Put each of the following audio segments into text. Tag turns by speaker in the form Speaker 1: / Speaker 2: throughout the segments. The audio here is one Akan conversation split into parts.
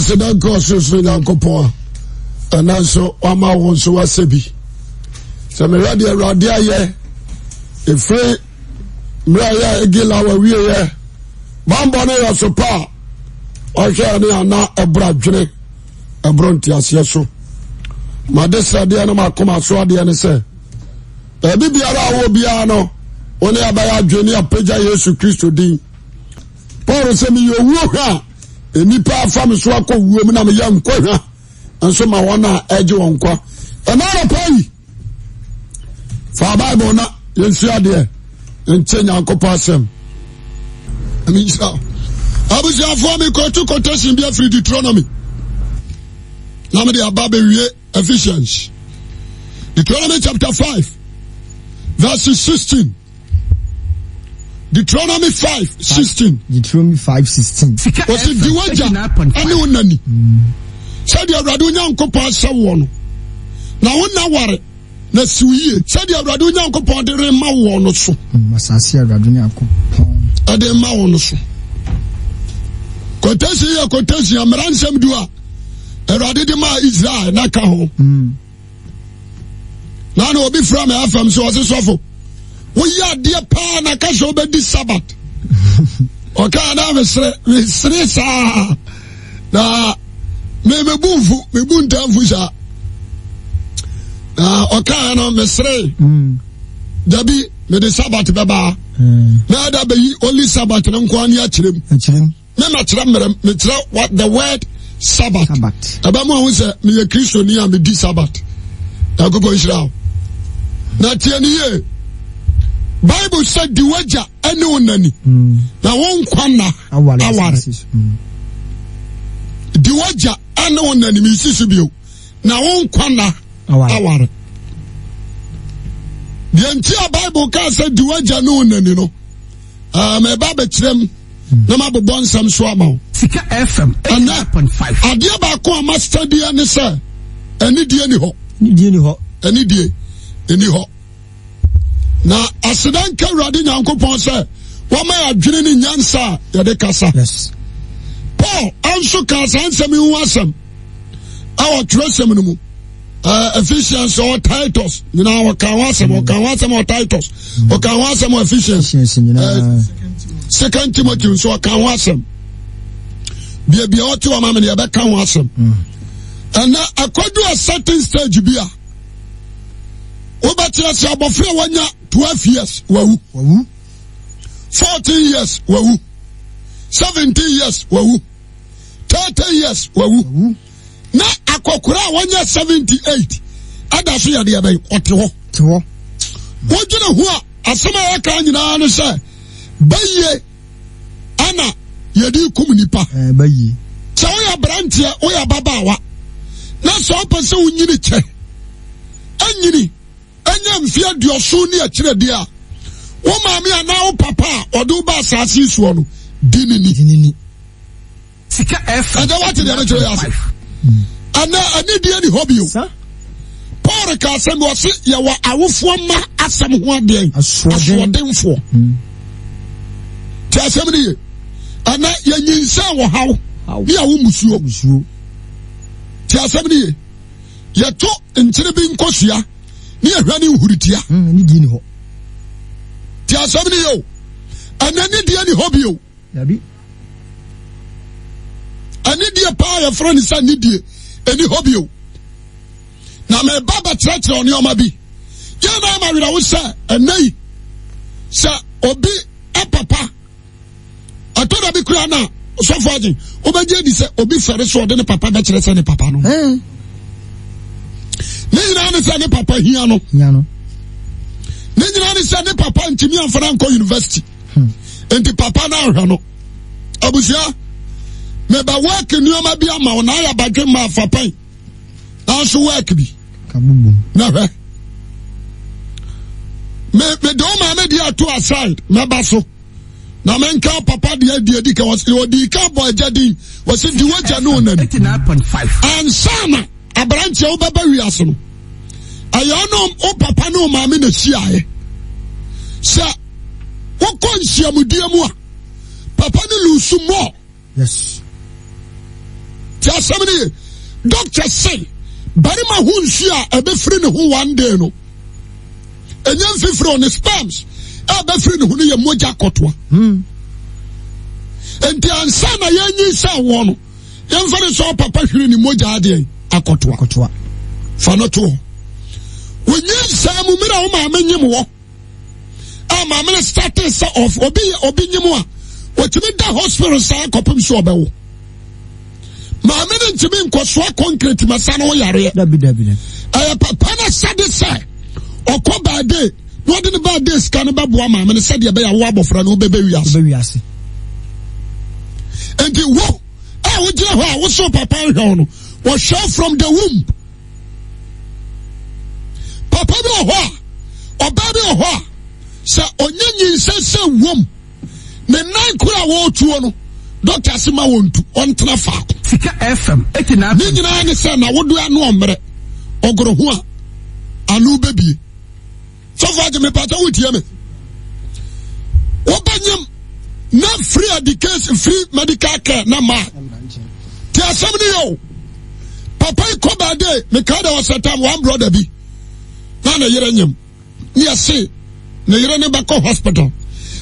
Speaker 1: ase danka ɔsorosoro nyankopɔn a ɛnanso wama wo nso wasɛ bi sɛ mehwɛ deɛ awurade ayɛ ɛfiri e mmerɛ yɛ ɛgila e wawieɛ bambɔ no yɛ so pa a ɔhwɛ ne ana ɛbra e dwene ɛborɔ nteaseɛ so made sradeɛ no makoma so adeɛ ne sɛ baabi biara a wɔ biara no wo ne ɛbɛyɛ adwene apagya yesu kristo din paul sɛ meyɛ owuo hwɛ a nipa afa me so akɔ wuom na meyɛ nkɔhwa nso ma wɔn a ɛgye wɔn kwa ɛna anɔpa yi fa bible na yɛnsua deɛ nkyɛ nyankopɔn asɛm ɛmenhyira abusuafoɔ mekɔto quotation bi afiri deuteronomy na mede aba bɛwie ephesians deuteronomy chapter five, verse sixteen. Deuteronomy 5, 16. Deuteronomy 5, 16. Wɔsi diwaja ɛne onani. Sɛdeɛ awurade onyankopɔn ahyɛ wɔ no. Na wo na ware na si wo yie. Sɛdeɛ awurade onyankopɔn de rema wɔ no so. Mm, asase awurade onyankopɔn. Ɛde ma wɔ no so. Kotesi yɛ kotesi amara nsɛm du a awurade de maa Israel n'aka ho. Mm. Naanị obi fura m FM so ɔsi sɔfo. woyɛ adeɛ paa na ka sɛ wobɛdi sabat ɔka na mesrɛ mesere saa na memebu mfu mebu mfu saa na ɔka hmm. hmm. no mesere dabi mede sabat bɛbaa na ada bɛyi only sabat no nkoa ne akyerɛm me makyerɛ mmerɛ mekyerɛ the word sabat ɛbɛ mu a wo sɛ meyɛ kristoni a medi sabat nyankopɔn hyira wo na tiɛ ne yie bible sɛ di wagya ɛne wo nani hmm. na wonkwa hmm. na aware di wagya ɛne wo nani meesi so bio na wonkwa na aware deɛ nti a bible kaa sɛ di wagya ne wo nani no ah, mɛba bɛkyerɛ m hmm. na mabobɔ nsɛm so ama wo ɛnɛ adeɛ baako a mastadeɛ ne sɛ ɛne die ni hɔ ɛne die ɛni hɔ na aseda nka awurade nyankopɔn sɛ wɔma yɛ adwene ne nyansa a yɛde kasa yes. paul anso kaa saa nsɛm yi ho asɛm a wɔtwerɛ no mu ephesians ɔwɔ titus nyinaa wɔka ho asɛm mm. ɔka ho asɛm ɔ titus mm. ɔka ho asɛm ɔ ephesians second timothy nso ɔka ho asɛm biabia ɔte wɔ ma me ne yɛbɛka ho asɛm mm. ɛnɛ akɔdu a certain stage bi a wobɛkyerɛ sɛ abɔfra wanya twelve years wawu wawu fourteen years wawu seventeen years wawu thirty years wawu na akɔkora a wɔnyɛ seventy eight ada so yɛ deɛ bɛyi ɔte hɔ te hɔ wɔgyina ho a asɛm a wɔka nyinaa no sɛ bɛyie ana yɛde kum nipa sɛ woyɛ aberanteɛ woyɛ ababaawa na sɛ wopɛ sɛ wonyini kyɛ anyini ɛnyɛ mfeɛ duɔso ne akyirɛdeɛ a wo maame anaa wo papa a ɔde woba asase soɔ no di nini ɛgya woate deɛ no yɛ ase ɛnɛ anidie ne hɔ bio paul ka asɛm bi ɔse yɛwɔ awofoɔ ma asɛm ho adeɛn asoɔdenfoɔ nti hmm. asɛm no ye ɛnɛ yɛnyinsɛn wɔ haw ne yɛwo musuo nti asɛm no ye yɛto nkyere bi nkɔsua Ni yɛhwɛ ne nhuru tia hmm, nti asɛm no yɛ o ɛnɛ ne deɛ ne hɔ bio ɛne deɛ paa yɛfrɛ no sɛ ne die ɛni hɔ bio na meba bɛkyerɛkyerɛ nneɔma bi yɛn na ama werɛ wo sɛ ɛnɛ yi sɛ obi ɛpapa ɛtɔ da bi koraa no a ɔsɔfoɔ agye wobɛgye sɛ obi fɛre so ɔde ne papa bɛkyerɛ sɛ ne papa no hmm ne nyinaa ne sɛ ne papa hia no ne nyinaa ne sɛ ne papa ntumi amfana nkɔ university hmm. nti papa no ahwɛ no abusua meba work nneɔma bi ama wo na ayɛ abadwe ma afa pan nanso work bi na hwɛ mede wo maame deɛ ato aside mɛba so na menka papa deɛ deɛ di ka ɔdii ka bɔ agya din wɔse di wagya ne wo nani ansana aberanteɛ wobɛba so no ɛyɛ no wo papa ne maame na hyiaeɛ sɛ wokɔ nhyiamudeɛ mu a papa ne lusu mɔɔ nti asɛm no ye dɔkta se barima ho nsu a ɛbɛfiri ne ho one day no ɛnyɛ mfifiri ɔne spams a ɛbɛfiri ne ho no yɛ mogya kɔtoa hmm. enti ansa na yɛnyi sɛ wɔ no yɛmfa ne sɛ papa hwere ne mogya adeɛ akɔtoa fa no to wonyi nsaa mu mmerɛ a wo maame nyim wɔ a maame no starte sɛ ɔf obi obi nyim a wɔtumi da hospital saa kɔpem sɛ ɔbɛwo maame no ntumi nkɔsoa concrete ma sa no woyareɛ ɛyɛ papa no sɛde sɛ ɔkɔ baade na ɔde ne baade sika no bɛboa maame no sɛdeɛ ɛbɛyɛ wo abɔfra no wobɛbɛ wiase enti wo a wogyina hɔ a wosow papa nhwɛw no wɔhwɛ from the womb papa bi wɔ hɔ a ɔbaa bi wɔ hɔ a sɛ ɔnyɛ nyinsɛ sɛ wom ne nan koro a wɔretuo no dɔkta se ma wɔn tu ɔntena faako. sika fm eti na. ne nyinaa ne sɛ na wodo ano ɔmmerɛ ɔgoro ho a ano bebie sɔfo agye pata wotie me wɔba nyam na free education free medical care na maa te asɛm ne yɛ o. papa yi kɔ baade mekaa da wɔsɛ tam one brother bi na ne yere nyam ne yɛse ne yere ne ba bɛkɔ hospital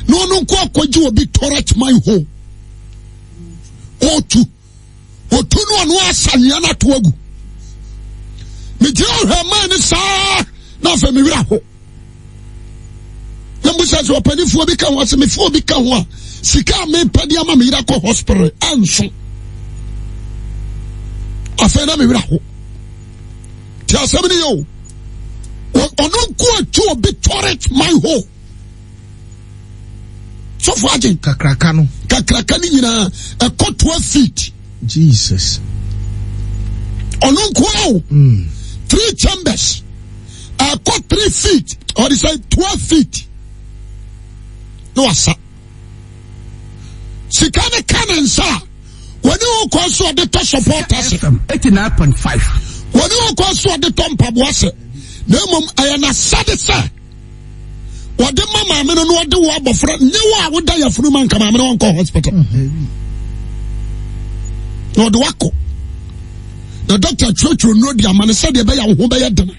Speaker 1: na ɔno nkɔ akɔgye obi torach man ho ɔtu ɔtu no ɔno asanea no ato agu megyina ɔhwɛ man ne saa na afɛ mi werɛ ho na mbusa sɛ ɔpanifoɔ bi ka ho a sɛ mefoɔ bi ka ho a sika a mepɛde ama me yera kɔ hospital anso afei na mewerɛ ho nti asɛm no yɛ o ɔno nko atu obi toret my ho sɔfo agye kakraka no kakraka no nyinaa ɛkɔ toa feet jesus ɔno nko ao mm. three chambers ɛkɔ three feet ɔde sɛ toa feet na wasa sika ne ka ne nsa a wɔne wɔ kɔ so ɔde tɔ support ase wɔne wɔ kɔ so ɔde tɔ mpaboa ase na mmom ɛyɛ n'asade sɛ wɔde ma maame no na wɔde wɔ abɔfra nye wɔ a woda yafunu ma nka maame no wɔnkɔ hospital na wɔde wakɔ na doctor twerɛtwerɛ nuro di ama no sɛdeɛ ɛbɛyɛ awo ho bɛyɛ den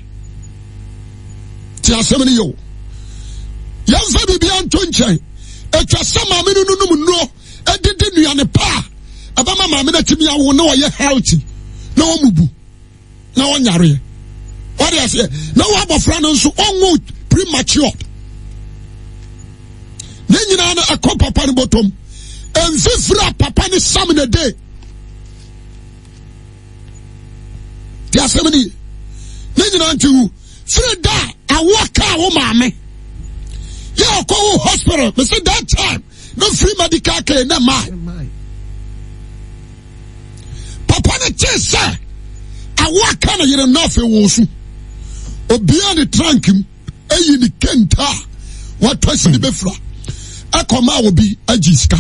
Speaker 1: te asɛm no yɛ o yɛmfa biribiara nto nkyɛn atwa sɛ maame no no nom nnuro adidi nnuane paa ɛbɛma maame no atumi awo na ɔyɛ healthy na ɔmubu na ɔnyareɛ wɔde aseɛ na wɔabɔfra no nso ɔnwo prematured ne nyinaa no ɛkɔ papa no bɔtɔm mfifiri a papa no sam na de te asɛm ni ne nyinaa nti wu firi da a awoɔ kaa wo maame yɛ ɔkɔ wo hospital mesɛ that time no free medical care na maa ne kyee sɛ awo aka na yere nna wɔ so obiaa ne kenta watɔ si ne ɛkɔma agye sika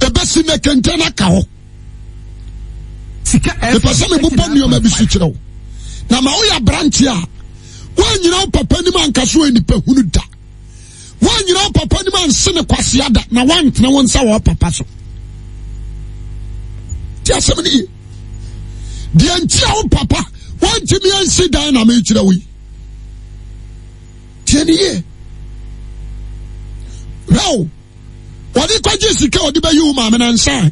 Speaker 1: ebesi na kenta na aka hɔ eh, bi so kyerɛ na ma a woanyina papa nim anka so hunu da woanyina papa nim anse ne kwasea na woantena wo nsa wɔ papa so ti asɛm ne deɛ nti a wo papa wontumi ansi dan na mekyerɛ wo yi tiɛ ne yie hwɛw wɔde kɔgye sika wɔde bɛyi wo maame no nsa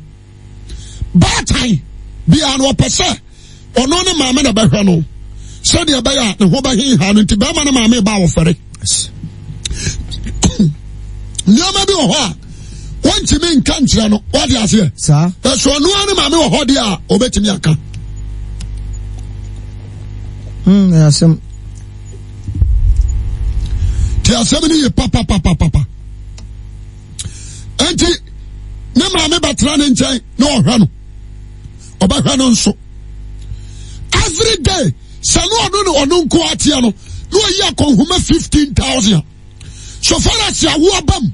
Speaker 1: baatan bia no ɔpɛ sɛ ɔno ne maame na bɛhwɛ no sɛdeɛ ɛbɛyɛ a ne ho bɛhenha no nti bɛrima ne maame ba wɔfɛre hmm. nneɛma bi wɔ hɔ a wɔntumi nka nkyerɛ no wɔde aseɛ ɛso ɔnoa ne maame wɔ hɔ deɛ a ɔbɛtumi aka Hmm, asɛm nti asɛm no yɛ papapapapa enti ne maame bɛtena ne nkyɛn na ɔhwɛ no ɔbɛhwɛ no nso every day sɛ ne ɔno ne ɔno nko ateɛ no na ɔyi akɔnhoma 15000 so far as awoɔ bam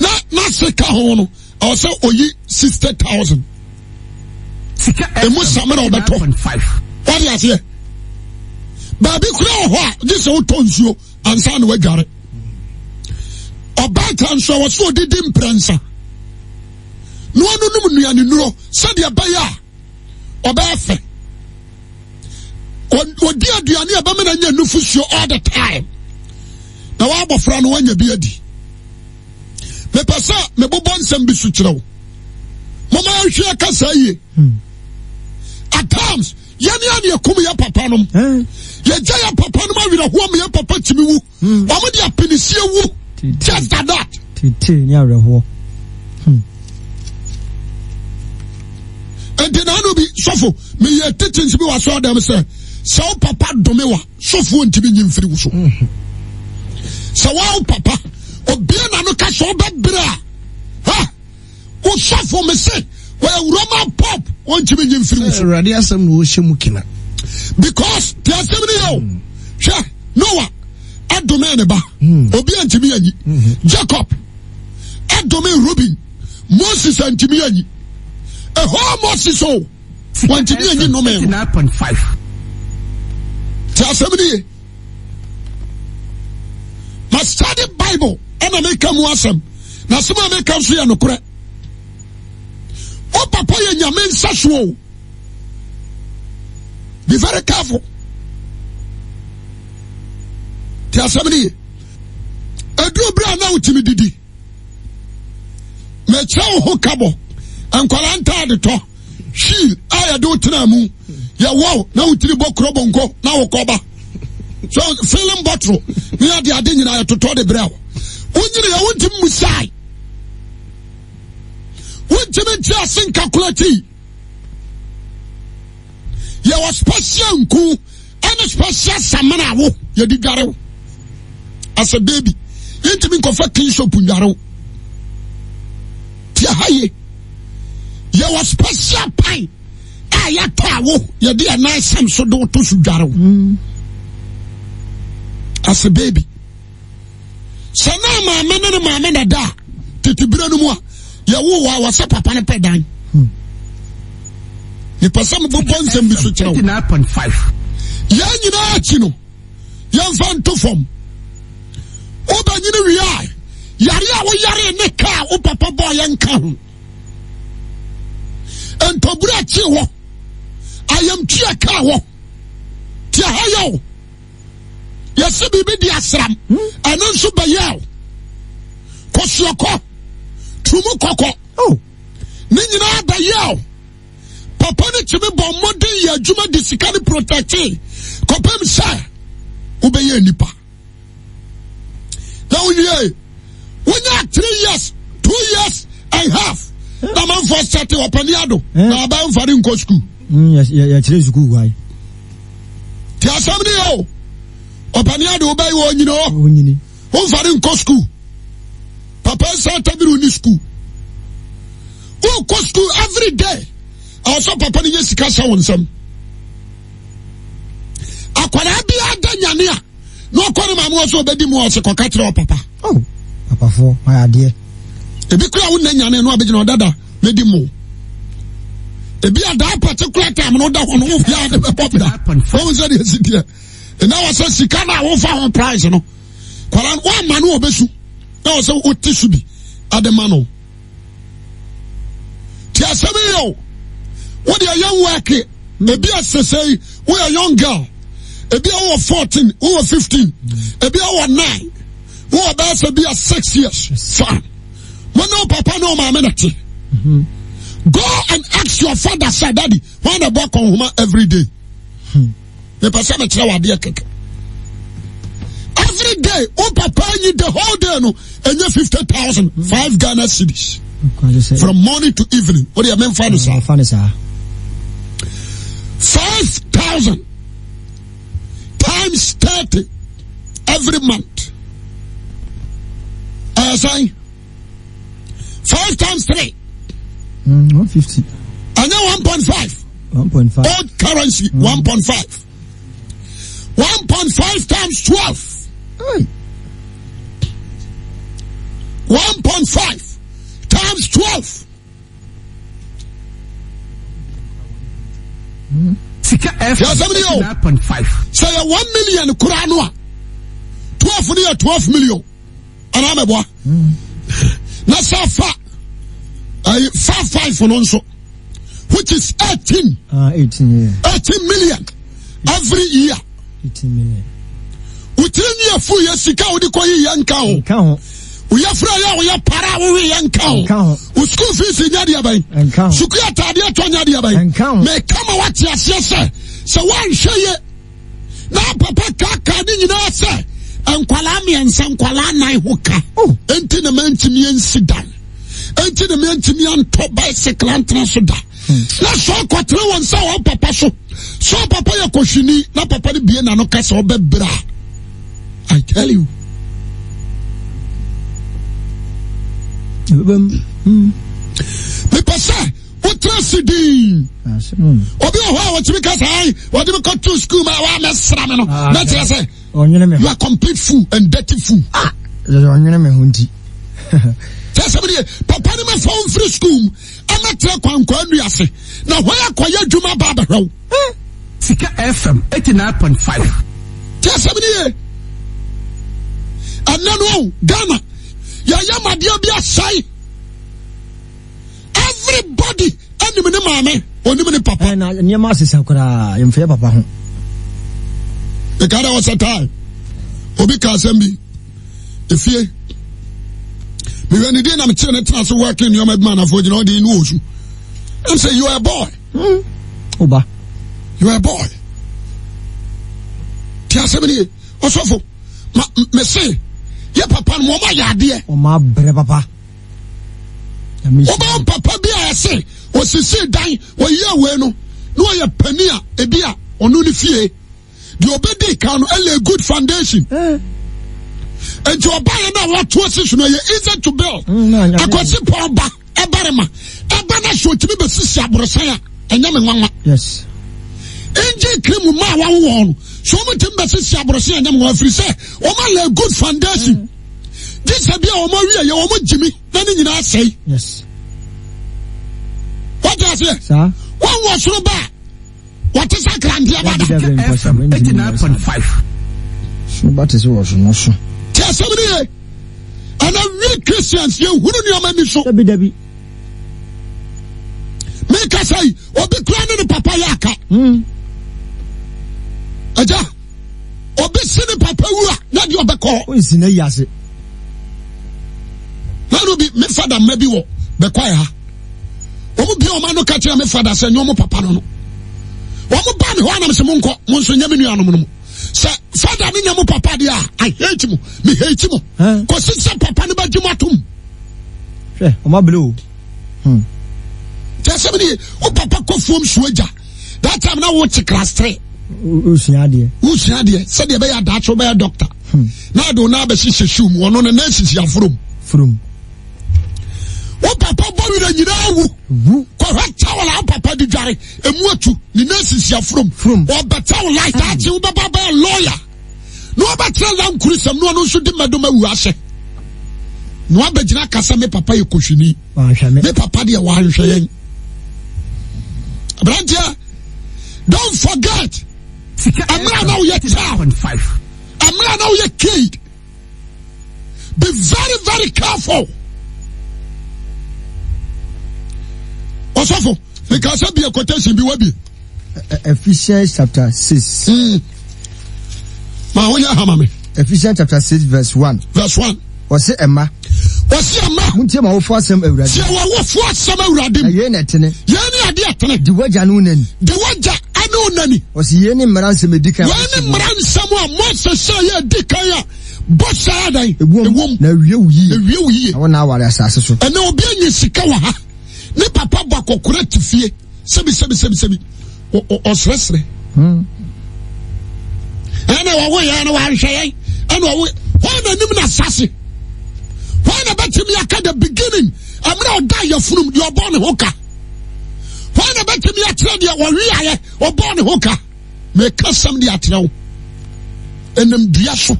Speaker 1: na na sika ho no ɛwɔ sɛ ɔyi 60000 ɛmu samena ɔbɛtɔ wadi aseɛ baabi kura wɔ hɔ a gye sɛ wotɔ nsuo ansa na wadware ɔbaa ta nso a wɔsɛ ɔdidi mprɛnsa na wɔnonom nnuane nuro sɛdeɛ ɛbɛyɛ a ɔbɛyɛ fɛ ɔdi aduane a bɛma no anya nufosuo all the time na wɔabɔfra no woanya bi adi mepɛ sɛ mebobɔ nsɛm bi so kyerɛ wo moma ahwɛ ka yie hmm. at times yɛne ane yɛkom yɛ papa nom yɛgya yɛ papa nom awerɛhoɔ ma yɛ papa tumi wu hmm. ɔmo de apinisie wu just like that tete ne awerɛhoɔ hmm. nti naano bi sɔfo meyɛ titins bi wɔ asɔre dɛm sɛ sɛ papa dome wa sɔfoɔ ntumi nyi mfiri wo so hmm. sɛ papa obia na no ka sɛ wobɛbrɛ a ha wo sɔfo me se w ɔ l ɛ roman pop w n t u m i nye nfiri wusu. awurade asɛm na wɔhyɛ mu kina. because ti asɛm ni yɛ o hwɛ noa ɛdome ne ba obi a ntumi y o nyi jacob ɛdome ruben moses a ntumi y o nyi ɛhɔ moses o w o n t u m i y o n m i nnome y n ti asɛm ni yɛ ma study bible ɛna mi ka mu asɛm na asɛm a mi ka nso y o nokorɛ. o papa yɛ nyame nsa soɔ be very careful te asɛm ne ye aduro bere a na wotumi didi mekyerɛ wo ho kabɔ nkwala tọ. hwii a yɛde wo tena mu yɛwɔ na wotiri bɔ korɔ bonko na wokɔba so filling bottle ne yɛde ade nyinaa yɛtotɔ de berɛ wo wonyini yɛwontim musae wontimi nti ase nkakulati yɛwɔ special nku ɛne special samana wo yɛde dware wo as a baby yɛntimi nkɔfa kin soap ndware wo tia ha ye yɛwɔ special pan a yɛtɔ a wo yɛde ɛnan sam so de woto so dware as a baby sɛ na maame ne ne maame na da a tetebire no mu a yɛwo wɔ o papa no pɛ dan nipɛ sɛ mebobɔ nsɛm bi so kyerɛ wo yɛn nyinaa akyi no yɛmfa nto fam wobɛnyine wie a yare a woyaree ne kaa wo papa bɔɔ yɛnka ho ntɔburo akyee wɔ ayamtua kaa wɔ tia ha yɛwo yɛsɛ biribi di asram ɛno nso bɛyɛw kɔsoɔkɔ tumu kɔkɔ oh. ne nyinaa bɛyɛ o papa ne tumi bɔ mmɔden yɛ adwuma de sika ne protɛkte kɔpem sɛ wobɛyɛ nipa na wowie wonya three years two years and half na manfoɔ sɛte ɔpani ado eh. na aba mfare nkɔ sukuu mm, yɛkyerɛ sukuu wae nti asɛm ne yɛ o ɔpani ado wobɛyi wɔ nyina womfare nkɔ sukuu papa nsa tabiri wo school. sukuu wokɔ sukuu every day ɛwɔ sɛ papa no nyɛ sika hyɛ wo nsɛm akwadaa biara da nyane a na ɔkɔ ne maame wɔ sɛ ɔbɛdi mu ɔse kɔka kyerɛ wɔ papa oh, papafoɔ mayɛ adeɛ ebi kura wo nna nyane no abɛgyina ɔdada mɛdi mu ebi adaa pɛte kura tam no da hɔ no wo fia de bɛbɔ bia wɔn sɛ deɛ si deɛ ɛna wɔ sɛ sika no a wofa ho price no kwadaa no wɔama no wɔbɛsu na ɔsɛ wote so bi ade ma no ti asɛm yɛ o wode ɛyɛ wɛke ebi asesɛi woyɛ young girl ebi awɔ fourteen wowɔ fifteen ebi awɔ nine wowɔ bɛyɛ sɛ bi a six years fine wɔn ne papa ne wo maame na te mm-hmm. go and ask your father say daddy wɔn na bɔ akɔnhoma every day mepɛ sɛ mekyerɛ wɔ adeɛ kɛkɛ. every day o papa the whole day no enye fifty thousand five Ghana cedis from morning to evening o de you mɛ nfa de saa five thousand times thirty every month ɛsan uh, five times three. Mm, one fifty. And then one point five. One point five. Old currency mm. one point five. One point five times twelve. Hmm. 1.5 times 12. Hmm? sika ɛfɛ ɛfɛ point five. one million kura no a twelve ni yɛ twelve million ɛna mɛ bɔ na sɛ fa ɛyi five for nso which is eighteen. Uh, eighteen yeah. eighteen million every year. eighteen million. tiri ni yɛ fu yɛ sika o de kɔ yi yɛ nka ho oyɛ fura yɛ oyɛ para wowe yɛ nka ho o sukuu fiisi nya deɛ bɛyi sukuu ataadeɛ tɔ nya deɛ bɛyi mɛ kama wate aseɛ sɛ sɛ wanhwɛ yɛ na papa kaka ne nyinaa sɛ nkwalaa mmiɛnsa nkwalaa nan ho ka enti na mɛntumi ansi dan enti na mɛntumi antɔ bicycle antena so da hmm. na sɛ ɔkɔtena wɔn nsa wɔ papa so sɛ papa yɛ kɔhwini na papa no bie na ka sɛ ɔbɛbrɛ a I tell you. Mepɛ sɛ wotena se din. Obi wɔ hɔ a wɔtumi ka saa yi, wɔde mi kɔ to sukuu ma wa mɛsra mi no, mɛkyerɛ sɛ, you are complete fool and dirty fool. Ah, ɔnwene mi ho nti. kyɛsɛm deɛ papa no mafa wo mfiri sukuu mu ɛmɛtrɛ kwankwaa nnu ase na hɔ akɔyɛ adwuma ba abɛhwɛ wo sika fm 89.5 kyɛsɛm deɛ ɛnɛ no o ghana yɛyɛ madeɛ bi asɛe everybody anim ne maame onim ne papa ɛna eh, nneɛma asesa koraa yɛmfɛyɛ papa ho meka da wɔ sɛ obi ka asɛm bi ɛfie mehwɛ ne deɛ na mekyerɛ ne tena so working nneɔma bi ma anafoɔ gyina wode ne wɔ su sɛ you a boy woba mm. -hmm. you a boy nti asɛm nie ɔsɔfo mese yɛ papa no wɔn ayɛ adeɛ. wɔn abrɛ papa. wɔbɛn papa bi a ɛsɛ osisi dan wɔyi awɛ no na wɔyɛ panyin a ebi a ɔno ne fie deɛ ɔbɛdi kan no ɛlɛ good foundation. Eh. nti ɔba yɛ no a wɔto asi so no yɛ easy to build mm, akɔsi pɔ ɔba ɛbarema ɛba no hyɛ ɔtumi bɛsisi aborosan a ɛnyɛ me nwanwa ɛngye kiri mu ma a wawowɔ no so wɔn ti mbɛsi si aborɔsi ɛnyam wɔn afiri sɛ wɔn ayɛ good foundation gyesɛ bi a wɔn awie yɛ wɔn gyimi na ne nyinaa sɛɛ wɔte aseɛ wɔn wɔ soro ba a wɔte sɛ akranteɛ ba da eighty nine point five. suba ti se wɔ so n'oso. tí a sẹ́mi ni yẹ ana we christians yẹ hunu ni ọmọ mi so. dabi dabi. mi kasa yi obi kura ne ni papa yɛ aka. Mm ɛgya obi si ne papa wu a na deɛ ɔbɛkɔ. o n sin na yi ase. lanu bi mi fada mma bi wɔ bɛkɔ ya wɔn bi wɔn ano ka kyerɛ mi fada sɛ nyɛ wɔn papa no no wɔn mi hɔ anam sɛ mo nkɔ mo nso nyɛ mi nua nom no fada mi nyɛ mo papa deɛ a i hate mo mi hate mo kò si sɛ papa ne ba gye mo atom. hwɛ ɔmɔ abili o. kyerɛ hmm. sɛ ni o papa kɔ fom suo gya that time na wo ti class three. Ou senyadiye Senyadiye, se diye beye adat, se diye beye doktor Nade ou nabe si se shum, ou anone nensi si ya froum Froum Ou papa bari de nye de a ou Kwa wek chaw la ou papa di jare E mwotou, ni nensi si ya froum Ou apete ou lajta ati, ou apete baye loya Nou apete tre la mkourisem Nou anonsu di mwadome ou ase Nou apete jina kasa me papa yu koushini Me papa diye wanshe yen Blantia Don't forget Don't forget Amra now you're child. Amra now you're kid. Be very, very careful. Osofo, because I be a quotation be webby. Ephesians chapter six. 6. Hmm. Mahoya Hamami. Ephesians chapter six, verse one. Verse one. Ɔsi ɛma. Ɔsi ɛma. Mun tiɛ ma wo fɔ asɛm awurade. Tiɛ wa wo fɔ asɛm awurade. Na yɛn na ɛtene. Yɛn ni adi ɛtene. Diwɔja n'u nani. Diwɔja ne nani. ɔsi yie ni mmara nsɛm edi kan. yie ni mmara nsɛm a mose sɛ yɛ edi kan a bɔ saa dan. ewom na ewie wu yie. ewie wu yie. awɔ na awari asase so. ɛnna obi enyi sika wɔ ha ne papa bɔ akɔkora ti fie sebi sebi sebi sebi ɔsrɛsrɛ. Hmm. ɛnna wɔwɔ yɛn ɛnna wɔahwɛ yɛn ɛnna wɔwɔ wɔn na anim na asase wɔn na bɛtumi aka the beginning ɛmira ɔda yɛ funu yɛ ɔbɔ ne ho ka hɔn na bɛtumi akyerɛ deɛ wɔwe ayɛ ɔbɔ ne ho ka mɛka sɛm de akyerɛ wo ɛnam dua so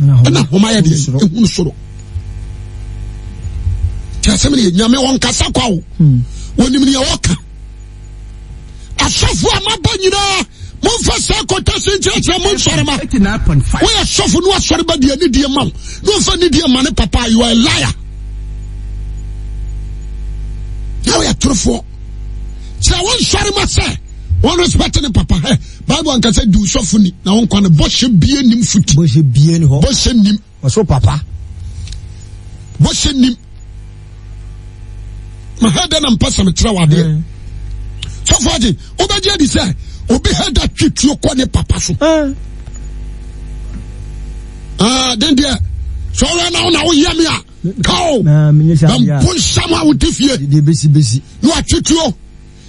Speaker 1: ɛna homa yɛ deɛ ɛhunu soro tí a sɛ mi nyame wɔn kasa kɔ awo wɔn nim nea wɔka asɔfo a ma bɔ nyinaa mo nfa saa kɔtɔ se nkyerɛkyerɛ mo nsɔre ma wɔyɛ sɔfo no asɔre ba deɛ ne deɛ ma wo ne nfa ne deɛ ma ne eh, papa you are a liar na wɔyɛ torofoɔ. Se la wan sori mase Wan respete ne papa eh, Baybo an kase di wosofu ni Nan won kwa ne boshe bie nim futi Boshe nim Boshe nim Ma he de nan pa sa me trawa de Sofwa di Obe di ya di se Obe he da chit yo kwa ne papa sou ah, A den di ya So re nan wona woye mi ya Ka ou Nan pun sa ma wote fye Nwa chit yo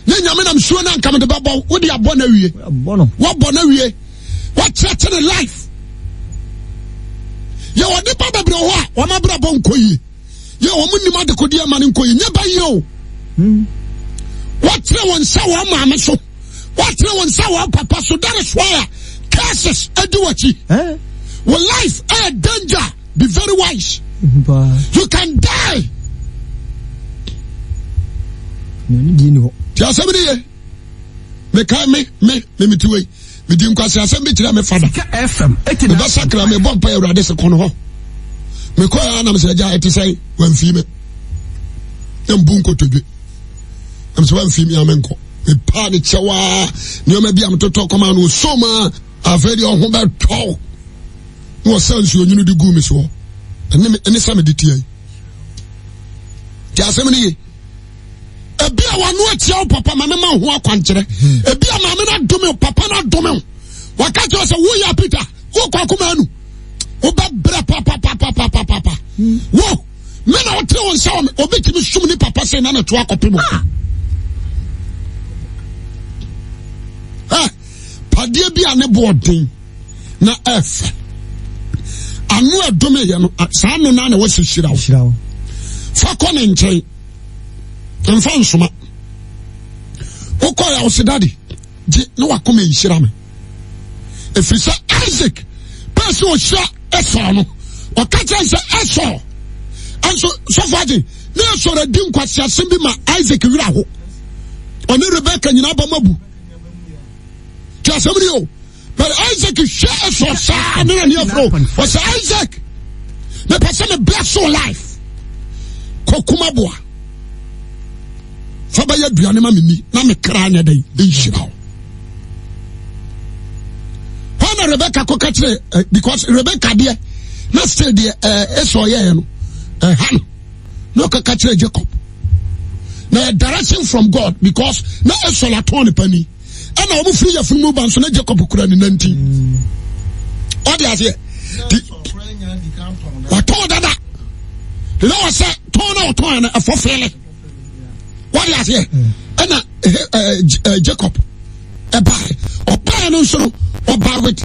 Speaker 1: ne nyame nam suo no anka mede bɛbɔ wode abɔ no awie wabɔ no awie wakyerɛkye life yɛwɔ nipa bebrɛ hɔ a wɔmabrabɔ nkɔ yie yɛ wɔn nim adekodeɛ ma no nkɔ yie nyɛ bɛyɛ o hmm. wɔtene wɔn nsa wɔn maame so wɔtene wɔn nsa wɔn papa so that is why a cases adi wɔkyi wɔ eh? life ɛyɛ danger be very wise you can die. Ti a seme di ye? Me ka me, me, me miti wey Mi di yon kwa se a seme biti la me faba Mi ba sakla me bon paye rade sekon ho Mi kwa yon anam se di a eti say Wem fi men Yon bun kwa to dwe Yon se wem fi men yon men kon Mi pa di tsewa Nyon me bi am to tok oman o soman A veri yon kwa mbel to Yon sens yon yon di gumi so Eni se me diti ye Ti a seme di ye? Ebya wanwe tia ou papa mame man huwa kwanjire. Hmm. Ebya mame nan dume ou papa nan dume ou. Wakati wese ou ya pita. Ou kwa kume enu. Ou be bre papa papa papa papa. Hmm. Ou. Mene wote yon sa wame. Obe ki ni shum ni papa se nan e chwa kopibo. Ah! Ha. Pade ebya nebo odin. Na ef. Anwe dume enu. Sa anu nane wese shidawo. Fakon enche yon. mfa nsoma wokɔɛ a wose dade gye ne wakoma nhyira me ɛfiri sɛ isaac pɛɛ sɛ ɔhyira ɛsɔɔ no ɔka kyerɛ sɛ ɛsɔɔ ɛnso sɔfo agye ne ɛsɔre adi nkwaseasɛm bi ma isaac werɛ ho ɔne rebeka nyinaa bama bu nti asɛm ne o but isaac hwɛ ɛsɔɔ saa ne nane afro ɔsɛ isaac mepɛ sɛ mebɛ so life kɔkum aboa fa bɛyɛ aduane ma menni na mekra nyɛ dɛn ɛnhyira e wo hɔ na rebeka kɔka kyerɛ eh, because rebeka deɛ na still deɛ eh, ɛsɛ ɔyɛɛ no ɛha eh, no na ɔkaka kyerɛ jacob na direction from god because na ɛsɔl atɔn ne pani ɛna ɔmo firi yɛfunu mu ba nso na jacob kura ne nan ti ɔde aseɛ watɔn dada na ɔsɛ tɔn na ɔtɔn yɛn no ɛfɔ fɛlɛ wɔde aseɛ ɛna jacob ɛbae eh, ɔbae no nso no ɔba with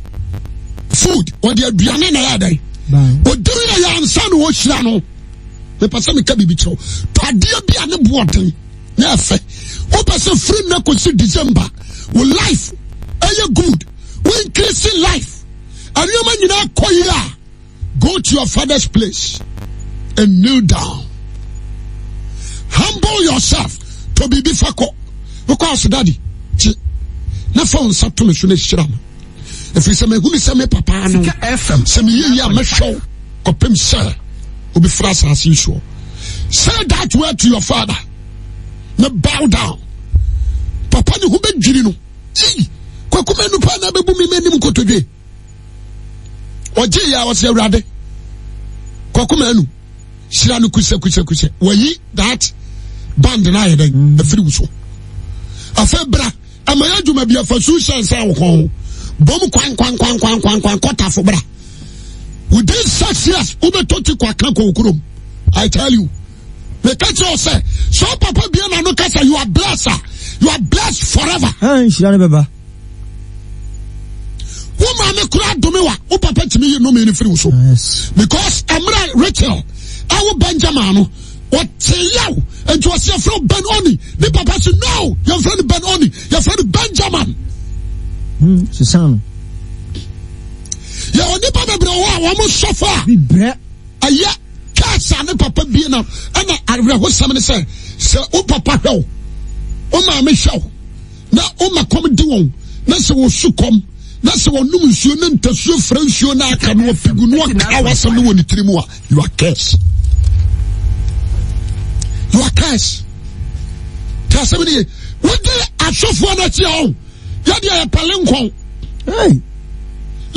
Speaker 1: food ɔde aduane na ɛyɛ dɛn ɔdiri na yɛ ansa na wɔhyira no mepɛ sɛ meka biribi kyerɛw padeɛ bi a ne boɔ den na ɛfɛ wopɛ sɛ firi na kɔsi december wo life ɛyɛ good wo increasing life aneɔma nyinaa kɔ yie a go to your father's place and kneel down humble yourself to be before because daddy na fa to me me papa me sɛ meyiyi a mɛhwɛw say that word to your father na bow down papa ne ho bɛdwiri Ii. kwakuma no paa na bɛbu me ya kotodwe ɔgye yɛ a ɔsɛ awurade kwakuma no that band na ayɛ dɛn ɛfiri wo so afɛ bra ama yɛ adwuma bi afa su hyɛn sɛ wo kɔn bɔm kwan kwan kwan kwan kwan kwan kɔtafo bra within six years wobɛtɔ ti kɔ aka kɔn kurom i tell you meka kyerɛ wo sɛ papa bia na no ka you are blessed you are blessed forever nhyira ne bɛba wo maame kura adome wa wo papa tumi yi nnome yi no firi wo so ah, because ɛmerɛ rachel ɛwo benjamin no wɔteyaw nti wɔsi yɛfrɛ ben oni ne papa si oh, oh, oh, no yɛfrɛ no ben oni yɛfrɛ no benjamin. Mm, sisan. yɛwɔ nipa bebree wɔ a wɔn sɔfo a. bibrɛ. ɛyɛ kaasa ne papa bie na ɛna awerɛho sɛm ne sɛ sɛ o papa hwɛ o o maame hwɛ o na o ma kɔm di wɔn na sɛ wɔ su kɔm na sɛ wɔnum nsuo ne ntasuo fira nsuo na aka no wɔ figu no wɔ kaa wɔsɛm no wɔ ne tirim a you your cash tí a sẹ́mi ni yẹ wọ́n di asọ́fọ́ náà ti ọ̀hún yàdí ẹ̀yẹ pẹ̀lẹ́ nkọ́n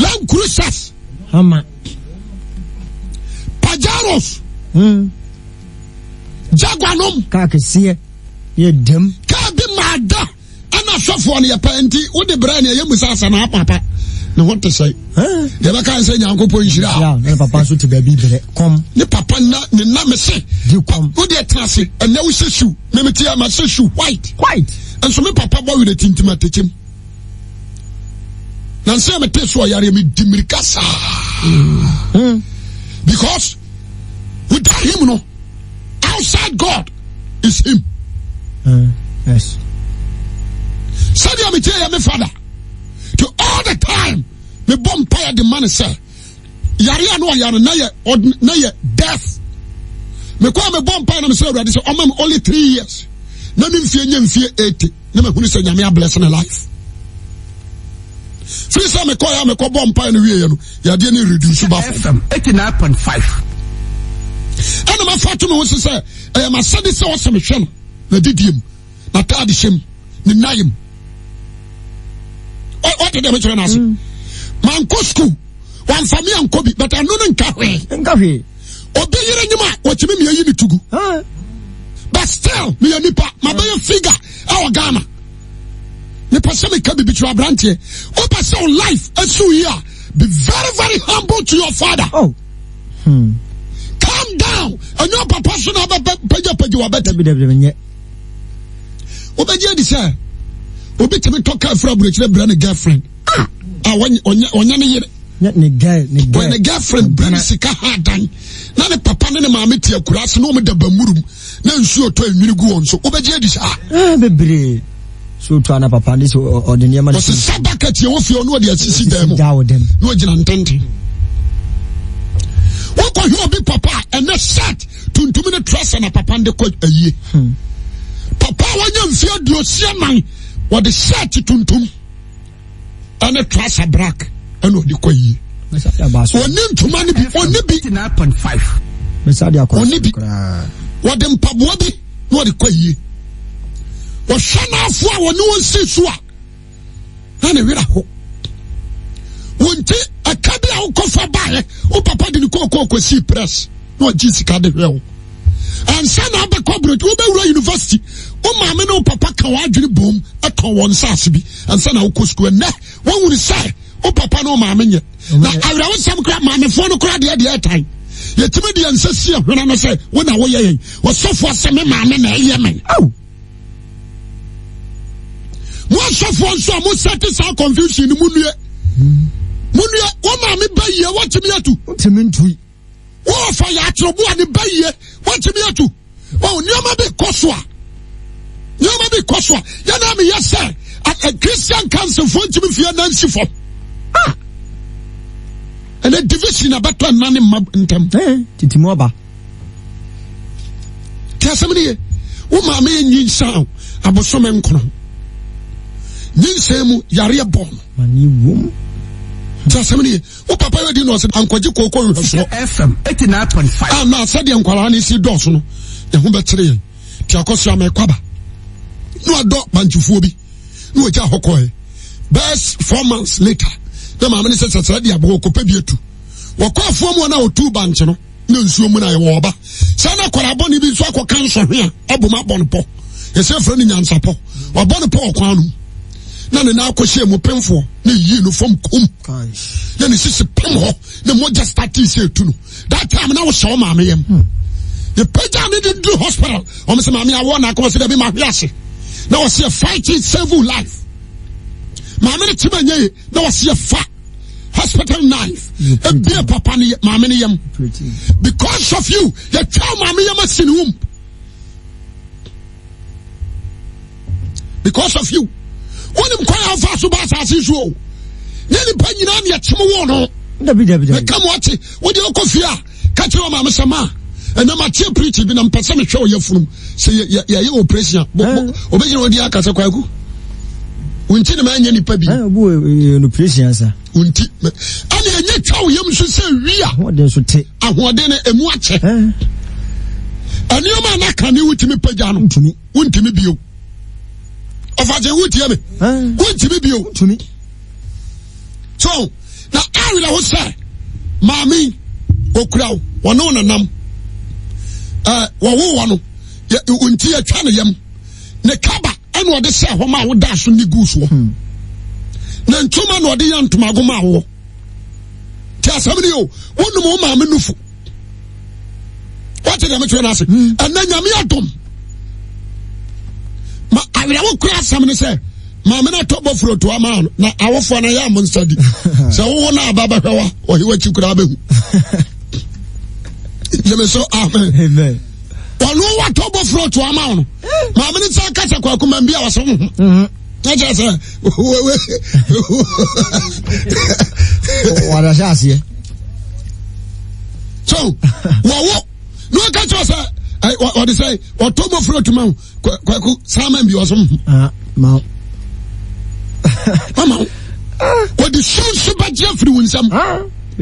Speaker 1: land cruisers Hama. pajaros mm. jaguanom kaa kɛseɛ yɛ dɛm kaa bi maa da ɛna asɔfoɔ no yɛ pɛ nti wode brɛ ne ɛyɛ mu sɛ asɛ no apapa ne ho te sɛe yɛbɛka sɛ nyankopɔn nhyira ne papa nso te le berɛ Comme. ne papa na ne na me se wodeɛ tena ase ɛnɛ wo sɛ siw memete ama sɛ siw white white nso me papa bɔ werɛ tintim atakyɛm nansɛ mete so ɔyareɛ medi mmirika saa hmm. because without him no outside god is him hmm. yes sɛdeɛ mekyerɛ yɛ me father to all the time me bɔ mpaeɛ de ma ne sɛ yare a no na ye, na ye death mekɔ a mebɔ mpaeɛ na mesɛ awurade sɛ ɔma me oh, only three years na me mfie nyɛ mfie eighty na mahunu sɛ nyame blessing in life firi sɛ mekɔɛ a mekɔbɔ mpaeɛ no eh, wieɛ no yɛadeɛ ne reduce bafm 89.5 Ano mafa to me ho se sɛ ɛyɛ masɛde sɛ me mehwɛ no na didiem na taade hyɛm ne nayem ɔde dɛm kyerɛ n'ase mm. mankɔ sukuu wamfami ankɔ bi bɛtɛ ɛno ne nka hwee nka hwee obi yere nyima a wɔkyimi miayi ne tugu but still meyɛ nipa mabɛyɛ figa ɛwɔ ghana nipa sɛ meka bibi kyerɛ aberanteɛ wopɛ sɛ wo life asiw yi a be very very humble to your father oh. hmm. calm down ɛnyɛ papa so na wobɛpagyapagye wabɛtɛ wobɛgye adi sɛ obi tẹmi tọ kaa fura aburukyerɛ bra ne girlfriend a ah. ah, ɔnyɛ ne yere ne girlfriend bra ne sika ha dan na ne papa ne ne maame te akura ase na wɔn da bamurum na nsuo tɔ enwiri gu wɔn so wobɛgye adi saa. Ah, bebree so to ana papa ne so ɔde nneɛma. wɔsi sábà kɛtì ɛwɔ fie ɔno ɔde asisi dan mu na ɔgyina ntɛntɛn wɔkɔ hwɛ obi papa ɛnɛ shirt tuntum ne trɔsa na papa de kɔ ayie hmm. papa wɔnyɛ nfie duosia nan wɔde shirt tuntum ɛne trouser black ɛna ɔde kɔ yie ɔne ntoma no bi ɔne bi ɔne bi wɔde mpaboa bi na ɔde kɔ yie wɔhwɛ n'afo a wɔne wɔn si so a ɛna werɛ ho wɔn ti ɛka bi a wokɔfa baeɛ wo papa de ne kɔɔkɔɔ si press na ɔgye sika de hwɛ wo ansa na abɛkɔ brɛ wobɛwura university wo maame ne wo papa ka w'adwene bom ka wɔn nsase bi ansa na wokɔ sukuu ɛnɛ woahunu sɛ wo papa ne wo maame nyɛ na awerɛwo nsɛm kora maamefoɔ no kora deɛ deɛ ɛtae yɛtumi deɛ nsa si ahwena no sɛ wo na woyɛ yɛn ɔsɔfoɔ sɛ me maame na ɛyɛ me mo asɔfoɔ nso a mo sɛte saa confusion no mu nnue mo nnue wo maame ba yie wɔtumi atu wotumi ntui wɔɔfa yɛ atwerɛboa ne ba yie wɔtumi atu ɔ nneɔma bi kɔ so a nneɛma bi kɔ so a yɛn oh, ah, a meyɛ sɛ christian councilfoɔ ntumi si nansifo ɛnɛ division abɛtɔ maame a abosome mu papa di na ɔsɛ ankɔgye kooko nhwɛsoɔ fm 89.5 a na sɛdeɛ nkwaraa ne si dɔɔso no yɛho bɛkyerɛ yɛn te akɔ ama na wadɔ mantufoɔ bi na wagya hɔ kɔɛ bɛs four months later na maame ne sɛ sɛsɛ de abɔ wɔkɔpɛ bi atu wɔkɔ afoɔ mu a na wɔtu bankye no na nsuo mu na yɛwɔ ɔba saa na akɔra abɔne bi nso akɔka nsɔhwe a abom abɔ no pɔ yɛsɛ frɛ no nyansapɔ wabɔ no pɔ ɔkwan no na ne nan akɔhyɛ mu pemfoɔ na yie no fam kom na ne sisi pem hɔ na mogya starti sɛ etu no that time na wohyɛ wo maame yam yɛpagya ne de duru hospital ɔmo sɛ maame awɔ na akɔmɔ sɛ dɛbi mahwe ase na wɔsi ɛfa akyi save life maame ne kyim anya yi na wɔsi ɛfa hospital knife ebie papa ne maame ne yam because of you yɛtwa maame yam asi ne wom because of you wɔnim kwan a wɔfa so ba asase so o nyɛ nipa nyinaa ne yɛkyim wɔ no dabi dabi dabi mɛka mo ɔte wɔde ɔkɔ fie a kakyɛ wɔ maame sɛ maa. E nan mati e priti binan pa sa me chow ye foun Se ye, ye, ye, ye, yo presnya Bo, bo, eh. obeji yon di akase kwa yon Winti di men enye ni pebi eh, wi A, bo, e, e, yo presnya sa Winti, me, anye enye chow yon Su se wia A, wadene, e, mwate A, ni yon manaka ni witi mi pejano Winti mi biyo A, faje witi yeme Winti mi biyo So, nan a wila ho sa Mami Okura, wano nanam wɔwowa no nti yɛtwa no yam ne kaba ɛna ɔde sɛ hɔ ma a woda so ne gu soɔ na ntoma na ɔde yɛ ntomago ma awoɔ nti asɛm ne o wonom wo maame nufo wote deɛ metwerɛ no ase hmm. ɛnɛ nyame adom ma awerɛwo kora asɛm ne sɛ maame no atɔ bɔfurotoa ma no na awofoɔ na yɛ amo nsa di sɛ wowo no aba bɛhwɛ wa ɔhewa akyi koraa bɛhu yẹmi sọ amen wọn wà tó bọ fúrọ tó ama wọn maame ni sá kásá kọ akuma bi àwọn sọ wọn hmm. mm-hmm. ẹ jẹ sẹ wẹwẹ. wàdà sẹ àṣeyẹ. so wọwọ ní wọn kásá sẹ ẹ ọdí sẹ wọn tó bọ fúrọ tó ma wọn kọ ẹkọ sáàmà bi wọn sọ wọn. ama wọn wọn di sunsun bá jẹ firi wọn nsẹm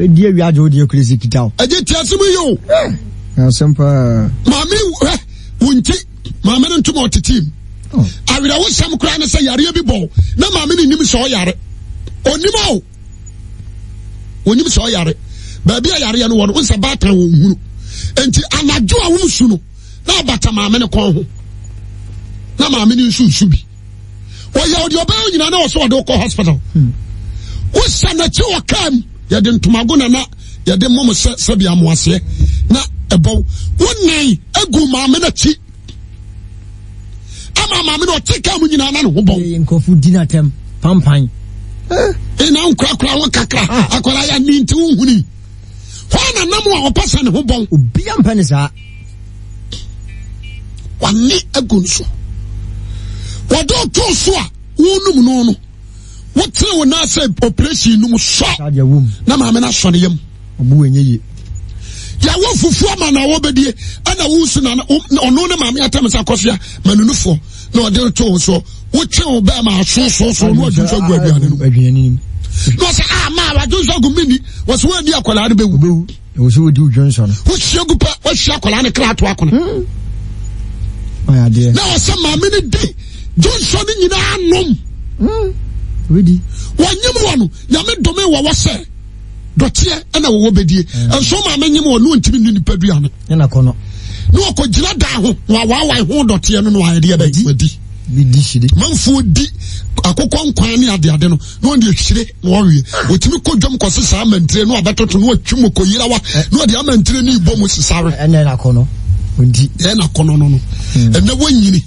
Speaker 1: di ewia adi o di ekure si kita o. ẹjẹ tí a sẹ mu yi o. Eh, asem paa. maame ẹ eh, wọn ti maame ni ntoma ọtí mu oh. awirawo sam kura ni sẹ yàrá bi bọ na maame ni nim sọ yàrá onim o onim sọ yàrá baabi a yàrá yẹn no n sẹ baatan wọn hunu nti anadwo a su no na bata maame ni kɔn ho na maame ni nsu nsu bi wɔyɛ ɔdi ɔbɛn nyinaa na ɔsɛ ɔdi ɔkɔ hospital hmm. wosan n'akyi wɔ kaa mu yɛde ntomago na na yɛde mom sɛ sɛbi amoaseɛ na ɛbɔw wo nan agu maame no akyi ama maame no ɔte ka mu nyinaa na ne ho bɔw nkɔfo di no atɛm pampan ɛna nkorakora wo kakra ah. akwara yɛ ani nti wohuni hɔ na nam a ɔpɛ sɛ ne ho bɔw obia mpɛ ne saa wane agu no so wɔde ɔtoo so a wonum no no wotene wo na sɛ operation no mu sɔ na maame no asɔne yam yàwó fufu ama na awọ bẹdie ẹna wusu na ọno um, ne maame atam sa akɔfia manunufoɔ na ɔde to wɔn so wotwe wɔn bɛɛ ma asosɔsɔ ne wɔde nso agu aduane no mu na ɔsɛ a ah, maa wɔde nso agu mini wɔsɛ wɔn adi akwadaa no bɛwu wɔsɛ wɔdi ojú nsọ no wosia gu pa wɔsia akwadaa no kra ato akɔnɔ hmm. na ɔsɛ maame no de johnson nyinaa nom. Hmm wɔnyim wɔ no nyame dome wɔwɔ sɛ dɔteɛ ɛna wɔwɔ bɛdie ɛnso mm. ma amenyim wɔ ne wɔntimi ne nipa duane ne ɔkɔgyina daa ho wawawae ho dɔteɛ no na waɛdeɛ bɛdi manfoɔ di akokɔ nkwan ne adeade no na ɔde ahyire na ɔwie ɔtumi kɔ dwam kɔse saa amantire na wabɛtoto na watwi mu kɔyira wa eh. na ɔde amantire no ibɔ mu sesare ɛnɛ nakɔnɔ no no mm. ɛnɛ wɔnyini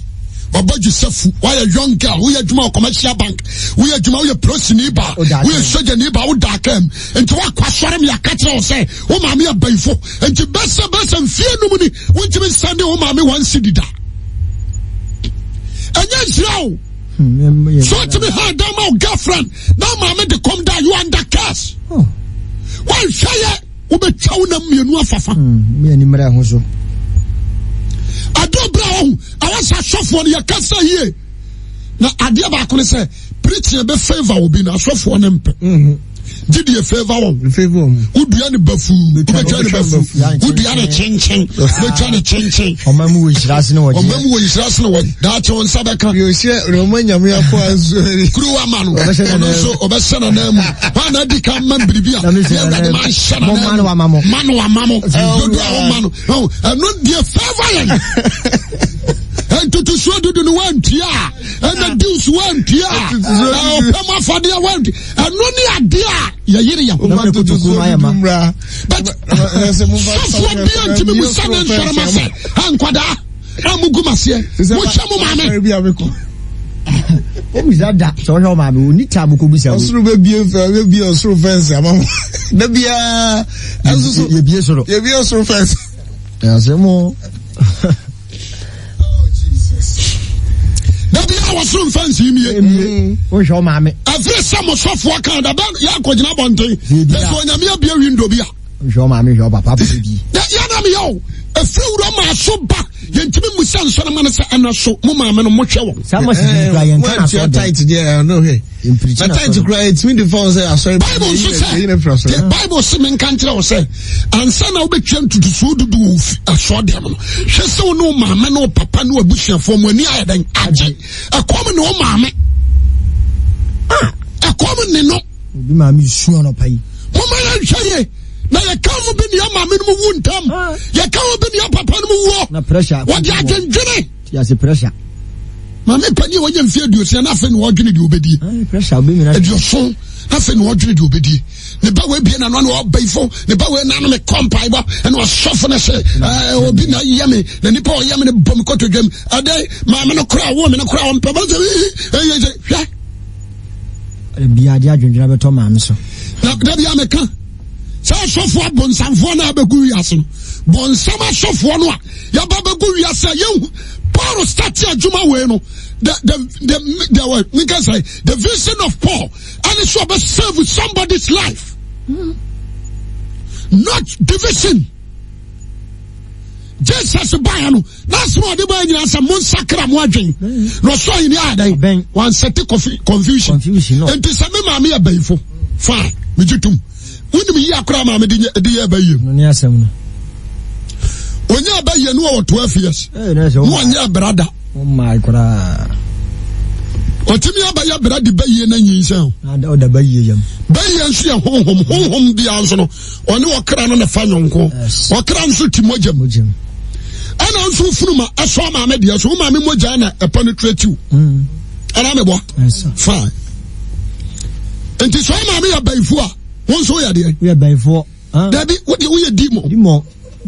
Speaker 1: wabɔ jusefu wayɛ young girl woyɛ adwuma wɔ commercial bank woyɛ adwuma woyɛ polosini ba woyɛ sojani ba woda akam nti wakɔ asɔre mi aka kyerɛ wo sɛ wo maame yɛ bɛyifo nti bɛsɛ bɛsɛ mfie num ni wontumi nsande wo maame wɔn si dida ɛnyɛ nsira o so wotumi ha dan ma wo girlfriend na maame de kɔm da you under curse wɔnhwɛ yɛ wobɛtwa wo nam mmienu afafa adeɛ berɛ a wɔho Awa sa shof wane ya kase ye. Na adye bako lese, pritye be feva wabina shof wane mpe. Jidye feva wane. O doyan e befou. O doyan e chen chen. O doyan e chen chen. O men mou ishras nou waj. O men mou ishras nou waj. Da chon sa bekan. Obe se nan emou. Obe se nan emou. Obe se nan emou. Man mou an man mou. Obe se nan emou. E non de feva lene. ntutusuo dudu no wantua ɛna ah. deals wantua ɔpɛm afadeɛ wantua ɛno ne adeɛ a yɛyere yɛ ho but sɔfoɔ bia ntimi mu sɛ ne nsɔrema sɛ a nkwadaa a mugu maseɛ wohyɛ mo maame omisa da sọ ọhẹ ọmọ àmì òní tààmù kò bisa. ọsùn bẹ bíye fẹ bẹ bíye ọsùn fẹnsì àmọ dẹbíyà. yẹ bíye sọrọ. yẹ bíye ọsùn fẹnsì. ẹ ẹ sẹ mo. ebi a wɔsoro nfa nsi mie. o sɔ maame. afiri sɛmu sɔfo kan dabe yakɔ gyina bɔnten yasɔ nyamia bie windo bi a. o sɔ maame sɔ papa bi. yadami yaw efiri wura maa so ba yɛntumi mu sɛ nsɔrema no sɛ ɛna so mo maame no mohwɛ wɔbible se menka nkyerɛ wo sɛ ansa na wobɛtwa ntutusuo dudu wɔ asɔɔdeɛm no hwɛ sɛ wo ne wo maame ne wo papa ne wabusuafoɔ mu ani ayɛ dɛn agye ɛkɔm ne wo maame ah. ɛkɔm ne no momma yɛnhwɛ na yɛka ho bi nea maame no mu wu ntam ah. yɛka ho bi nea papa no mu wuɔ wɔde adwendwene maame pani a wɔnyɛ mfe aduosia ah, na afei ne wɔdwene deɛ wobɛdie aduoso na afei ne wɔdwene deɛ wobɛdie ne ba wei bie nanoa ne wɔba yifo ne ba wei nano me kɔ mpaebɔ ɛne ɔsɔfo no eh, sɛ obi na yɛ me na nipa ɔyɛ me ne bɔ me kɔtɔdwam adɛn maame no koraa wo me no koraa wɔmpɛ bɛ sɛ hwɛ bia de adwendwena bɛtɔ maame so na da bia meka sɛ asɔfoɔ abonsamfoɔ no abɛgu wiase no bɔnsam asɔfoɔ no a yɛba bɛgu wiase yɛhu paul starte adwuma wei no the the the vision of paul and it's about save somebody's life not division jesus báyà no lásìmọ̀ ọ̀dẹ́ báyà nyina sẹ́ mo mo adwin lọ́sọ̀ yìí ni àdá yìí confusion nti sẹ́ mi maame yẹ bẹ́yìí fo fine mi wonim yi akora maame de yɛ bɛyem ɔnyɛ bɛyɛ no wɔwɔ 12 years na ɔnyɛ brada ɔtumi abɛyɛ brada bɛyie no nyinsɛn bɛyie nso yɛ honhom honhom biara nso no ɔne ɔkra no ne fa nyɔnko ɔkra nso ti mogyam ɛna nso funuma ɛsɔ maame deɛ so wo maame mogya na ɛpɛ no trɛtiw ɛna meboa fine nti sɛ ɔmaame yɛ bayifu a wọn nso yɛ adeɛ. wúyɛ bɛnfɔ. dabi wúyɛ wúyɛ dimɔ. dimɔ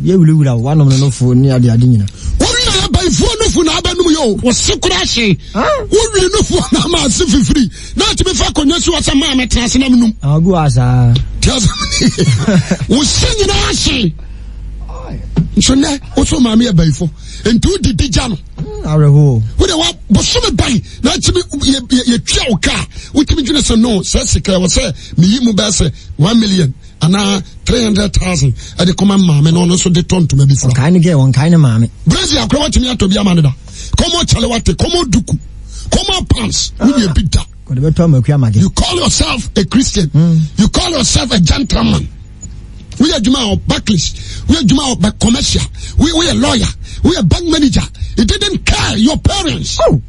Speaker 1: yɛ wulawula wa nɔmɔ n'ofo ni adeade nyina. wọn nana bɛnfɔ n'ofo n'aba numu yɛ o. o si kura se. wọn wuli n'ofo n'ama ase fifiri n'a ti bi fa kɔnyɛ si wasa maa mi tena sinam num. awo bi wa saa. tiɲɛ sɛ o si nyinaa se. nsonɛ o so maame yɛ bɛnfɔ nti wo didi gya no hmm, wode wa bosome ban na akyimi yɛtwea wo kaa wotumi dwene sɛ no sɛ sika wɔ sɛ meyi mu bɛɛ sɛ 1 million anaa 300000 ɛde kɔma maame na ɔno nso de tɔ ntoma bi fra bresi akora watumi atɔ bi ama no da kɔmɔ kyale wate kɔmɔ duku kɔmɔ pants wodeɛ bi da you call yourself a christian mm. you call yourself a gentleman We woyɛ adwuma wɔ barclays woyɛ adwuma wɔ commercial We we woyɛ lawyer We woyɛ bank manager it didn't care your parents oh.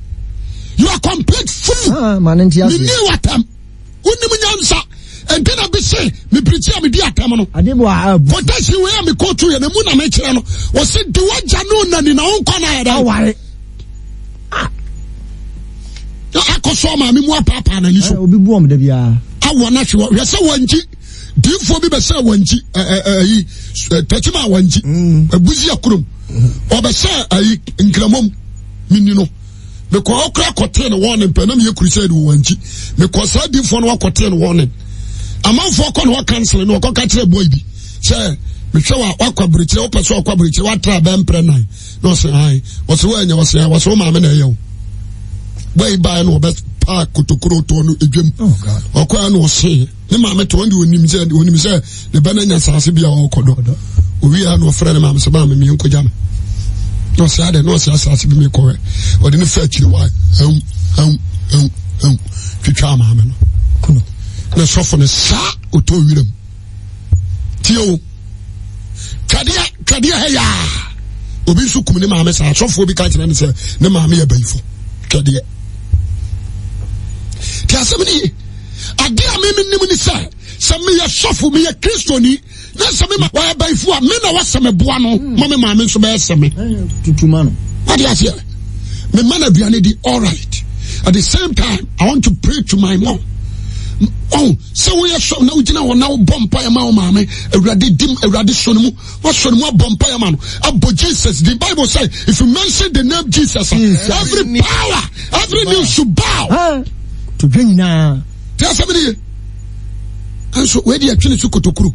Speaker 1: you are complete fool ah, menni watam wonim nyansa ɛnti na bi se mepirikyi a medi atam no votation wei a mekɔto yɛ na mu na mekyerɛ no wɔse de woagya ne onani na ni na wonkɔ no ayɛda ah. akɔ so maame mu apaapaa nani so ah, awɔ no hwe hwɛ sɛ wankyi diifoɔ bi bɛsɛ wɔnkyi ayi tɛkyima a wɔnkyi abusi akurom ɔbɛsɛ ayi nkramom mini no mekɔ ɔkora kɔtee ne wɔɔne mpɛ na meyɛ crusade wɔ wɔnkyi mekɔ saa diifoɔ no wakɔtee ne wɔɔne amanfoɔ kɔ ne wɔkansele no wɔkɔka kyerɛ boy bi sɛ mehwɛ wa wakɔ abirikyire wopɛ sɛ wakɔ abirikyire watra bɛn prɛ nan na ɔsɛ ae wɔsɛ woanya wɔsɛ wɔsɛ wo maame na ɛyɛ wo boy baɛ no wɔbɛ A koto kuro to anou e jem A kwa anou se Ni mame to anou anou anou anou se Ne bende nye sase bi a okodo Ouye anou frene mame se mame mi yon kodja me Non se a de, non se a sase bi me kore Ou di ni fe chidwa E yon, e yon, e yon Ki chan mame no Ne sofo ne sa Ou to yi dem Ti yo Kadeye, kadeye heya Ou bi sou koum ni mame sa Sofo ou bi kantina ni se Ni mame e bayfo Kadeye ti asɛm ni ye ade a mimi nim ni sɛ sɛ meyɛ sɔfo meyɛ kristoni na sɛ mema wɔyɛ baifu a me na wasɛme boa no hmm. ma me maame nso bɛyɛ sɛme tutuma no wade aseɛ me ma no aduane di all right at the same time i want to pray to my mom se wo woyɛ sɔm na wogyina hɔ na wobɔ mpaeɛ ma wo maame awurade dim awurade sɔ no mu wasɔ no mu abɔ mpaeɛ ma no jesus the bible say if you mention the name jesus every power every knee should bow atodwa nyinaa tẹ asɛm ne ye nso wɔadi atwe ne so kotokuro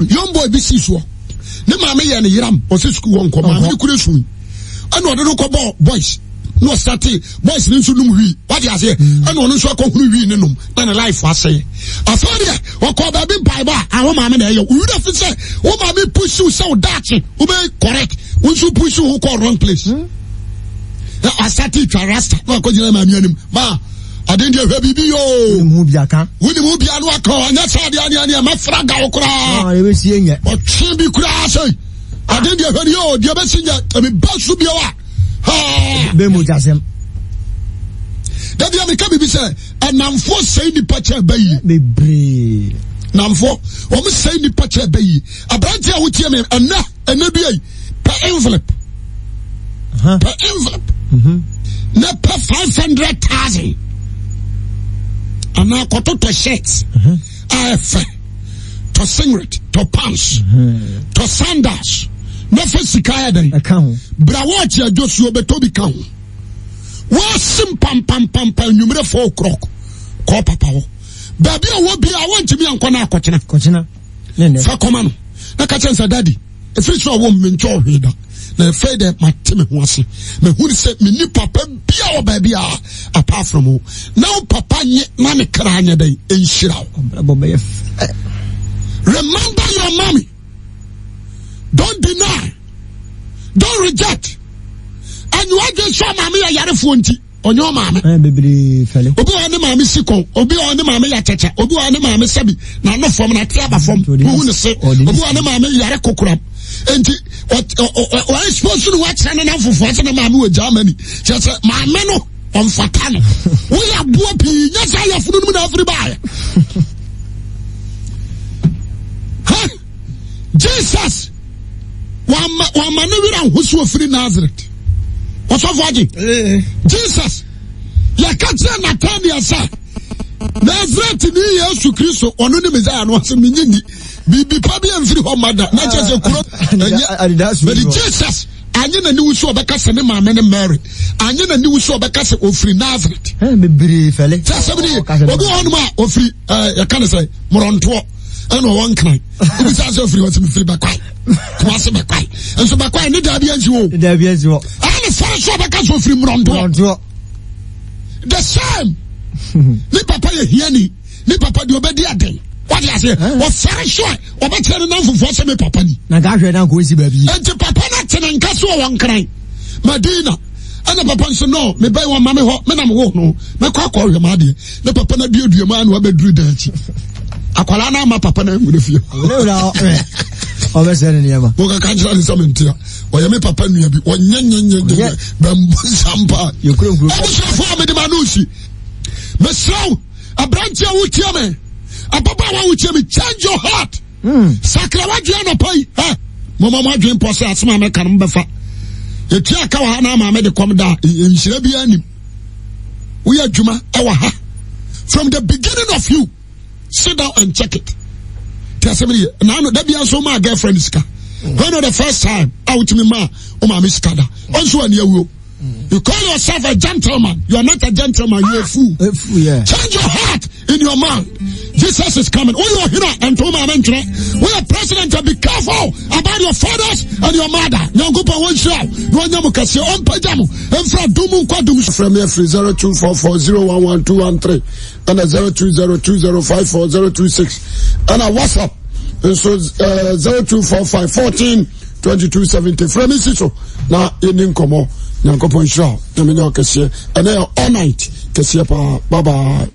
Speaker 1: yɔmbɔ bi sii soɔ ne maame yɛ ne yeram ɔsɛ sukuu wɔ nkɔ maame ne kure sumi ɛna ɔde no kɔ bɔɔ boys na ɔsate boys ne nso num wii wadi aseɛ mm. ɛna ɔno nso akɔ huru wii ne nom na ne life asɛɛ afaadeɛ ɔkɔ baabi mpaebɔ a awo maame na ɛyɛ owi na fi sɛ wo maame pusiw sɛ wo daakye O bɛ correct wo nso pusiw o kɔ wrong place. Hmm? asate twa rasta na akɔ gyina maame anim ma ade deɛ hwɛ biribi yo wonim wo bia no aka ɔnyɛ ani adeɛ aneaneɛ mɛfra ga wo koraa ɔtwe bi koraa sɛ ade deɛ hwɛ no yo deɛ bɛsi nyɛ meba so bio a bɛmugyasɛm dadeɛ meka biribi sɛ ɛnamfoɔ sɛi nipa kyɛ bɛyi bebree namfoɔ wɔm sɛi nipa kyɛ bɛyi aberante a wotie me ɛnɛ ɛnɛ bi ai pɛ envelope pɛ envelope Mm-hmm. na pɛ five hundred thousand anaa kɔtɔ tɔ shirt a ɛfɛ tɔ singlet tɔ pants mm-hmm. tɔ sandals na fɛ sika yɛ dɛ bra wɔɔkye adwo suo bɛtɔ bi ka ho wɔɔsim pampampampa nwummerɛ four o'clock kɔɔ papa hɔ baabi a wɔ bia wɔntumi ankɔ no akɔkyena fa kɔma no na ka kyɛn e sɛ a wɔ mmentwa ɔhwee da na afei dɛ mate me ho ase mahunu sɛ menni papa bia wɔ baabi a apart from wo na wo papa nyɛ na ne kra nyɛ dɛn ɛnhyira wo remember your mommy don't deny don't reject anyuwa gye nsọ maame yɛ yarefoɔ nti ɔnyɛ ɔmaame obi wɔ ni maame si kɔn obi wɔ ni maame yɛ kyɛkyɛ obi wɔ ni maame sɛbi na ano fam na ate aba fam wohu ne se obi wɔ ne maame yare kokoram nti wɔyɛ sports no wakyerɛ ne nafofoɔ sɛ ne maame wɔ germany kyerɛ sɛ maame no ɔmfata no woyɛ aboa pii nyɛ saa yɛfono no mu na afiri baayɛ ha jesus wama ne werɛ ahosuo firi nasaret ɔsɔfoɔ agye jesus yɛka kyerɛ natania sɛ nasaret ne yesu kristo ɔno ne mesaya no ɔsɛ menyɛ ni biribi pa bi mfiri hɔ ma da na kyerɛ sɛ kuro bɛde ah, ah, ah, jesus anyɛ na wu so ɔbɛka sɛ ne maame ne mary anyɛ na wu so ɔbɛka sɛ ofiri nazaret eh, bebree fɛlɛ sɛ asɛm ne yɛ obi wɔ hɔnom a ofiri eh, yɛka ne sɛ mmorɔntoɔ ɛna ɔwɔ nkran obi sɛ asɛ ofiri wɔsɛ mefiri bɛkwae kumase bɛkwae nso bɛkwae ne daabi ansi wo daabi ansi wɔ ɛne fɛre so ɔbɛka sɛ ofiri mmorɔntoɔ the same Ni papa yɛ hiani ni papa deɛ ɔbɛdi aden wadi ase ɔsare hyɛ ɔbɛkyerɛ no nanfofoɔ sɛ me papa ni na kahwɛ no ankɔ si baabi enti papa no tene nka so ɔwɔ nkran madina ɛna papa nso no mebɛi wɔ ma me hɔ menam wo no mɛkɔ akɔ hwɛ maadeɛ na papa no aduaduamaa na wabɛduru da akyi akwara no ama papa no ahu no fie ɔbɛsɛ ne nneɛma wokaka kyerɛ ne sɛ mentea ɔyɛ me papa nnua bi ɔnyɛnyɛnyɛnyɛ bɛmbɔ nsampa ɛbusuafoɔ a mede ma no si mesrɛ wo aberanteɛ wotia me ababaawa wo kyerɛ mi change your heart. Hmm. sakirawa dua nɔpɔ yi ɛ mɔmɔmɔ adwene pɔ sɛ asɛm a mɛka no mbɛfa ɛtua ka wɔ ha na maame de kɔm da nhyira biara nim woyɛ adwuma ɛwɔ ha from the beginning of you sit down and check it ti asɛm ne yɛ naano da bia nso maa girlfriend sika hmm. when the first time a wotumi maa wo maame sika da ɔnso ani awuo You call yourself a gentleman. You are not a gentleman. You are a fool. A fool yeah. Change your heart in your mind. Jesus is coming. Oh, you're here and to my mentor. We are president. Be careful about your fathers and your mother. Young people, one show. No one you can see on pajamu. And from Dumu Kwadum from here free zero two four four zero one one two one three and a zero two zero two zero five four zero two six and a WhatsApp. And so uh, zero two four five fourteen twenty two seventy. From Isiso now in Nkomo nyankopɔn nhyira nyame ne ɔkɛseɛ ɛnɛ yɛ all night kɛseɛ paa bye bye